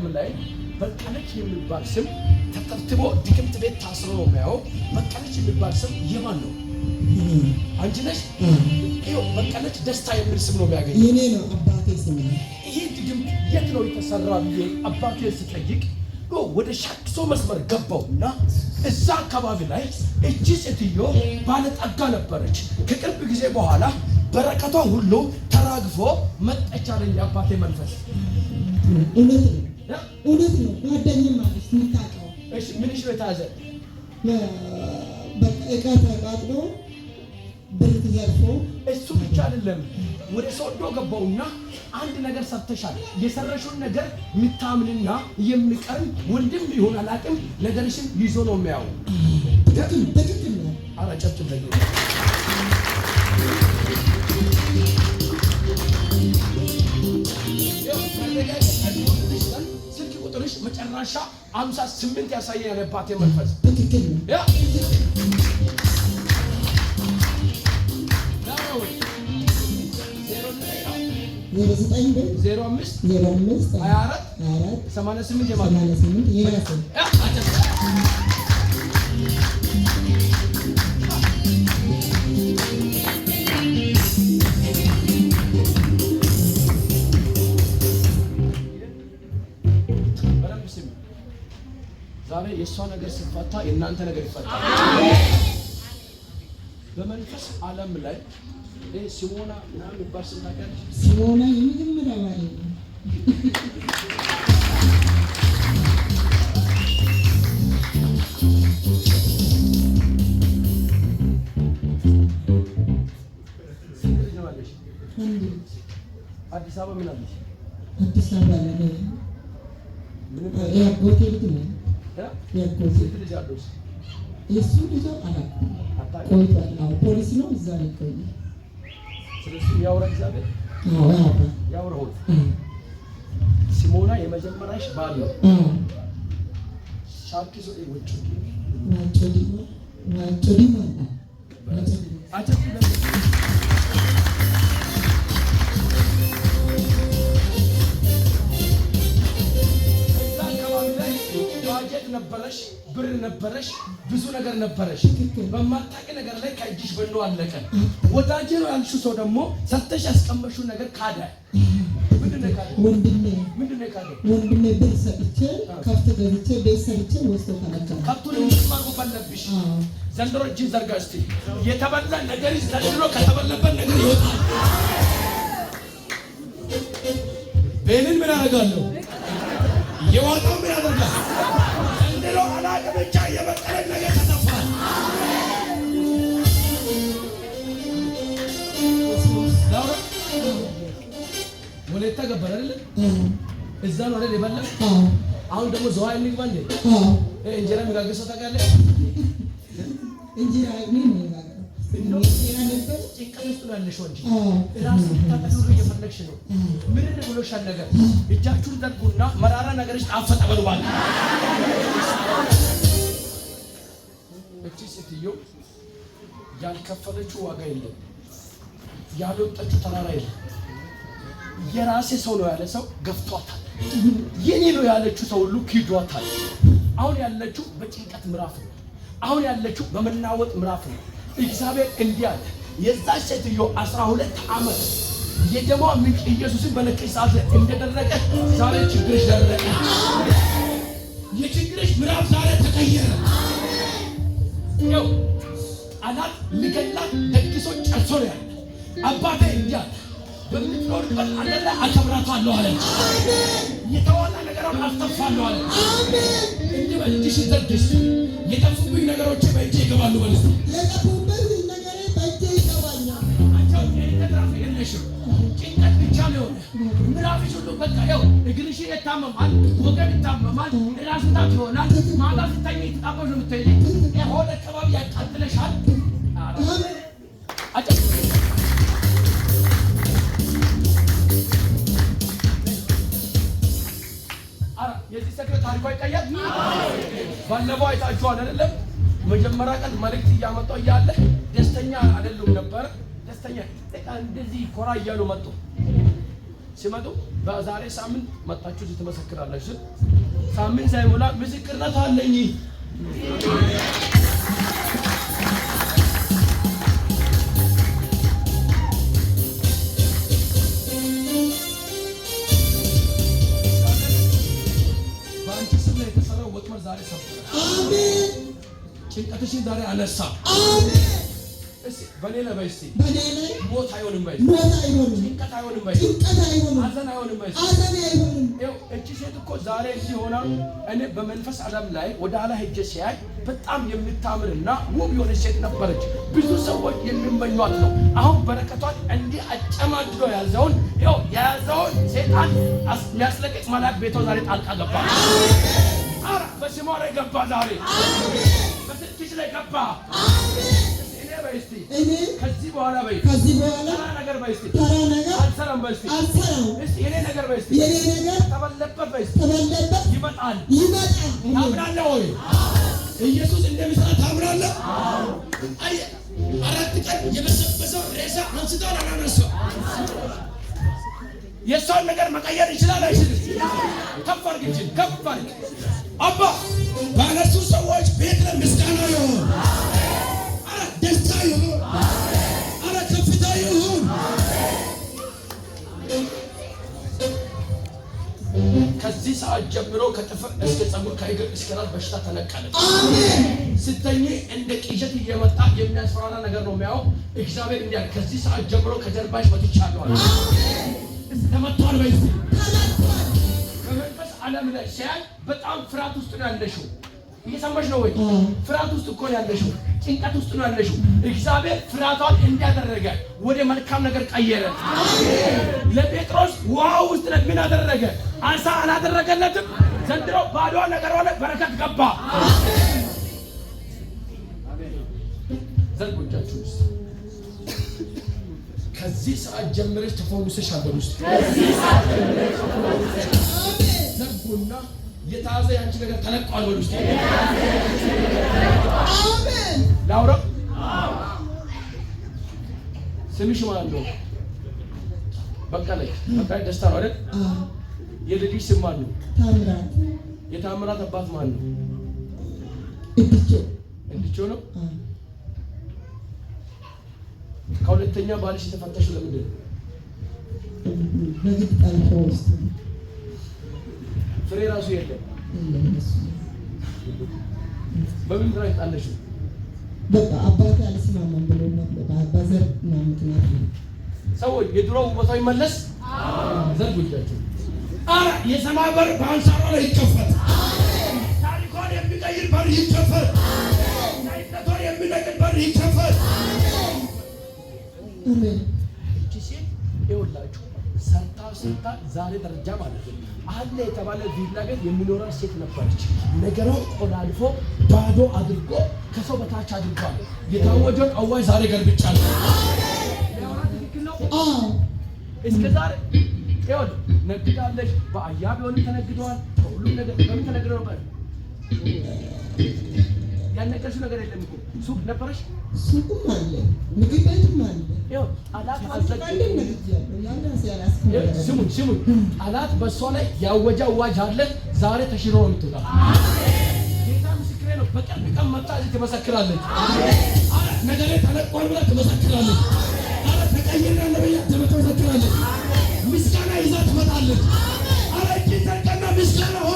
ጥቅም ላይ በቃለች የሚባል ስም ተጠርትቦ ድግምት ቤት ታስሮ ነው የሚያየው። በቀለች የሚባል ስም የማን ነው? አንቺ ነሽ። በቀለች ደስታ የሚል ስም ነው የሚያገኝ። የኔ ነው አባቴ ስም። ይሄ ድግምት የት ነው የተሰራ ብዬ አባቴ ስጠይቅ ወደ ሻክሶ መስመር ገባው እና እዛ አካባቢ ላይ እቺ ሴትዮ ባለጠጋ ነበረች። ከቅርብ ጊዜ በኋላ በረከቷ ሁሉ ተራግፎ መጠቻለኝ አባቴ መንፈስ እውነት ነው። ጓደኛም አለች የምታውቀው። እሺ ምንሽ በታዘብ እቃ ተቃጥሎ ብር ተዘርፎ እሱ ብቻ አይደለም ወደ ሶዶ ገባውና አንድ ነገር ሰርተሻል። የሰረሽውን ነገር የምታምንና የሚቀርም ወንድም ሊሆን አላውቅም ነገርሽን ይዞ ነው የሚያው። ትክክል ትክክል ነው። አረ ጨብጭብ አድራሻ አምሳ ስምንት ያሳየን ያለባት መንፈስ ዜሮ አምስት ሀያ አራት ሰማንያ ስምንት የማለት የእሷ ነገር ስትፈታ የእናንተ ነገር ይፈታል። በመንፈስ ዓለም ላይ ሲሞና ምናምን የሚባል ስም ሲሞና የመጀመሪያ አዲስ አበባ ምን አለሽ? አዲስ አበባ ነው ሴት ልጅ አለው የእሱ ልጅ ቆይቷል። ፖሊስ ነው እዛ ይገኛል። ስለሱ ያውራ እግዚአብሔር ያውረሆት ሲሞና የመጀመሪያሽ ባል ነው። ሻኪሶ ነበረሽ፣ ብር ነበረሽ፣ ብዙ ነገር ነበረሽ። በማታቂ ነገር ላይ ከእጅሽ በኖ አለቀ። ወዳጅ ነው ያልሽው ሰው ደግሞ ሰተሽ ያስቀመሽው ነገር ካደ። ወንድሜ ወንድሜ ሰጥቼ ከብት ቤት ወስዶ ከብቱን ፈለብሽ። ዘንድሮ እጅ ዘርጋ የተበላ ነገር ዘንድሮ ከተበለበት ነገር ይወጣል። ምን አደርጋለሁ? የዋጣው ምን አደርጋለሁ? ብቻ የበቀለን ነገር ተተፋል። ወላይታ ገባን አይደለ? እዛ ነው አይደል የበላን። አሁን ደግሞ ዘዋ እንግባ እንዴ! እንጀራ የሚጋግር ሰው ታውቃለህ? እንጀራ ነው። መራራ ነገርሽ ጣፈጠ በሉ እቺ ሴትዮ ያልከፈለችው ዋጋ የለም፣ ያልወጣችው ተራራ የለም። የራሴ ሰው ነው ያለ ሰው ገፍቷታል። የኔ ነው ያለችው ሰው ሁሉ ኪዷታል። አሁን ያለችው በጭንቀት ምዕራፍ ነው። አሁን ያለችው በመናወጥ ምዕራፍ ነው። እግዚአብሔር እንዲህ አለ፣ የዛ ሴትዮ አስራ ሁለት ዓመት የደሟ ምንጭ ኢየሱስን በነቀች ሰዓት እንደደረቀ ዛሬ ችግርሽ ደረቀ። የችግርሽ ምዕራፍ ዛሬ ተቀየረ። ነው አላት። ልገላት ደግሶ ጨርሶ ነው ያለ አባቴ እንዲያ በምትኖርበት አለለ አከብራታለሁ አለ። የተዋላ ነገሮች አስተፋለሁ አለ። እንዲህ በእጅሽ ዘርግሽ የጠፉብኝ ነገሮች በእጅ ይገባሉ በልስ የጠፉብኝ ነገሬ በእጅ ይገባኛል። አንቻ የለሽም ጭንቀት ብቻ ነው የሆነ ምራፍሽ ሁሉ በቃ ያው እግርሽ ይታመማል፣ ወገብ ይታመማል፣ ራስ ምታት ይሆናል። ማታ ስታኝ የተጣበሽ ነው የምትሄድ የሆነ አካባቢ ያቃጥለሻል። የዚህ ሰክረት ታሪኳ ይታያል። ባለፈው አይታችኋል አይደለም? መጀመሪያ ቀን መልእክት እያመጣው እያለ ደስተኛ አይደለም ነበረ ደስተኛ በቃ እንደዚህ ኮራ እያሉ መጡ። ሲመጡ በዛሬ ሳምንት መጣችሁ እዚህ ትመሰክራላችሁ። ሳምንት ሳይሞላ ምስክርነት አለኝ። በአንቺ ስም ላይ የተሰራው ወጥመድ ዛሬ ሰብራል። ጭንቀትሽን ዛሬ አነሳ። በኔ ላይ ሞት አይሆንም፣ ሞት አይሆንም፣ ጭንቀት አይሆንም፣ ሐዘን አይሆንም፣ እቺ ሴት እኮ ዛሬ ሲሆና እኔ በመንፈስ ዓለም ላይ ወደ ኋላ ሄጄ ሲያይ በጣም የምታምርና ውብ የሆነች ሴት ነበረች። ብዙ ሰዎች የሚመኟት ነው። አሁን በረከቷን እንዲህ አጨማድዶ የያዘውን የያዘውን ሴጣን የሚያስለቅቅ መልአክ ቤቷ ዛሬ ጣልቃ ገባ። በስሟ ላይ ገባ፣ ዛሬ በስልክሽ ላይ ገባ። እኔ ከዚህ በኋላ ተራ ነገር አልሰራም። የኔ ነገር ተበለበት ይመጣል። ኢየሱስ እንደሚሰራ ታምናለህ? አራት ቀን የበሰበሰው ሬሳ አንስተዋል። አላነሳው የእሷን ነገር መቀየር ይችላል አይችልም? ከፍ አድርግ፣ ከፍ አድርግ አባ ሰዓት ጀምሮ ከጥፍር እስከ ጸጉር ከእግር እስከ ራስ በሽታ ተለቀለች። ስተኝ እንደ ቅዠት እየመጣ የሚያስፈራራ ነገር ነው የሚያው እግዚአብሔር እንዲያ ከዚህ ሰዓት ጀምሮ ከጀርባሽ ወጥቻለሁ ተመቷል በይ ከመንፈስ ዓለም ላይ ሲያል በጣም ፍርሃት ውስጥ ነው ያለሽው። እየሰማሽ ነው ወይ? ፍርሃት ውስጥ እኮ ነው ያለሽው። ጭንቀት ውስጥ ነው ያለሽው። እግዚአብሔር ፍርሃቷን እንዲያደረገ ወደ መልካም ነገር ቀየረ። ለጴጥሮስ ውሃ ውስጥ ምን አደረገ? አንሳ አላደረገለትም። ዘንድሮ ባዶ ነገር ሆነ፣ በረከት ገባ። ዘንጎቻችሁ ውስጥ ከዚህ ሰዓት ጀምረሽ ተፈውሰሽ አገር ውስጥ ዘርጎና የታዘ ያንቺ ነገር ተለቋል። ወደ ውስጥ አሜን። ላውራ ስምሽ ማን ነው? በቀለች በቃ ደስታ ነው አይደል? የልጅ ስም ማን ነው? ታምራት። የታምራት አባት ማን ነው? እንድቾ። እንድቾ ነው። ከሁለተኛ ባልሽ የተፈተሹ ለምንድን ነው? በግድ ጠልፎ ውስጥ ፍሬ ራሱ የለም። በምን ምክንያት ጣለሽው? በቃ አባቴ አልስማማም ብሎ በዘር ምክንያት ነው። ሰዎች የድሮ ቦታ ይመለስ ዘር ጉዳያቸው አረ የሰማይ በር በአንሳሯ ላይ ይከፈት። ታሪኳን የሚቀይር በር ይከፈት። ታይነቷን የሚነቅል በር ይከፈት። ሴት ይኸውላችሁ ሰርታ ሰርታ ዛሬ ደረጃ ማለት ነው አለ የተባለ ቪላ ግን ሴት ነበረች። ነገሯን ቆላልፎ ባዶ አድርጎ ከሰው በታች አድርጓል። የታወጀውን አዋጅ ዛሬ ገልብጫለሁ። እስከ ዛሬ ይኸውልህ ነግዳለች። በአያ ቢሆንም ተነግደዋል። በሁሉም ነገር በምን ተነግደው ነበር። ያልነገርሽው ነገር የለም እኮ ሱቅ ነበረሽ። ሱቁም አለ፣ ምግብ ቤትም አለ። ስሙኝ ስሙኝ፣ ጠላት በእሷ ላይ ያወጀ አዋጅ አለ። ዛሬ ተሽሮ ነው የምትወጣው። ጌታ ምስክሬ ነው። በቀን ቀን መጣ እዚህ ትመሰክራለች። ነገሬ ተለቋል ብላ ትመሰክራለች። ብላ ትመሰክራለች። ምስጋና ይዛ ትመጣለች። አረ እጅ ተቀና ምስጋና